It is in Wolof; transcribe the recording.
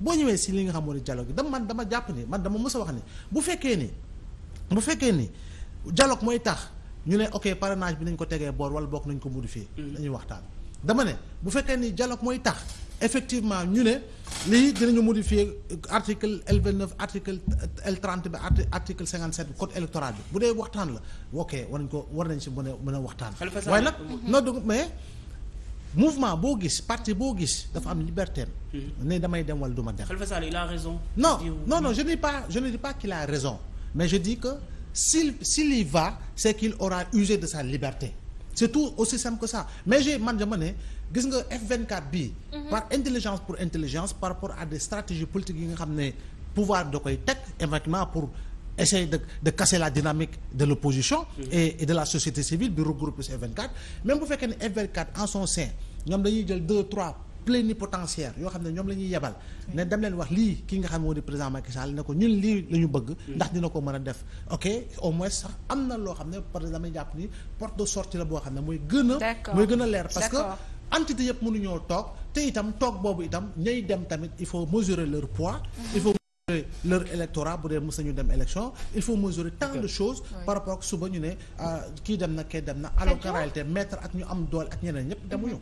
boo ñëwee si li nga xam moo di dialogue dama man dama jàpp ni man dama mës a wax ni bu fekkee ni bu fekkee ni dialogue mooy tax ñu ne ok parrainage bi nañ ko tegee boor wala bokk nañ ko modifier mm. dañuy waxtaan dama ne bu fekkee ni dialogue mooy tax effectivement ñu ne lii dinañu modifier article L vingt neuf article L trente bi article cinquante sept code électoral bi bu dee waxtaan la ok war nañ ko war nañ si mën a mën a waxtaan waaye nag mm-hmm. non mais mouvement boo gis parti boo gis dafa am liberté hmm. ne damay dem wala du ma dem. Khalifa Sall il raison. non non non je ne dis pas je ne dis pas qu'il a raison mais je di que si s'il y va c'est qu'il aura usé de sa liberté c'est tout aussi simple que ça mais j'ai man dama ne gis nga F24 bii. Mhm. par intelligence pour intelligence par rapport à des stratégies politiques yi nga xam ne pouvoir da koy teg éventuellement pour. essayer de casser la dynamique de l'opposition et, et de la société civile bi regroupe ces F24 même bu fekkee ne F24 en son sein ñoom dañuy jël deux trois plénipotentiaires yoo xam ne ñoom la ñuy yebal ne dem leen wax lii ki nga xam ne moo di président ne ko ñun lii la ñu bëgg mm. ndax dina ko mën a def ok au moins sax am na loo xam ne par exemple jàpp ni porte de sortie la boo xam ne mooy gën a mooy a leer parce que entité yëpp mënuñoo toog te itam toog boobu itam ñay dem tamit il faut mesurer leur poids il faut leur électorat bu dee mës ñu dem élection il faut mesurer tant de choses par rapport ak suba ñu ne ah, kii dem na kee dem na alors qu'en réalité maître ak ñu am doole ak ñeneen ñëpp mhm. demuñu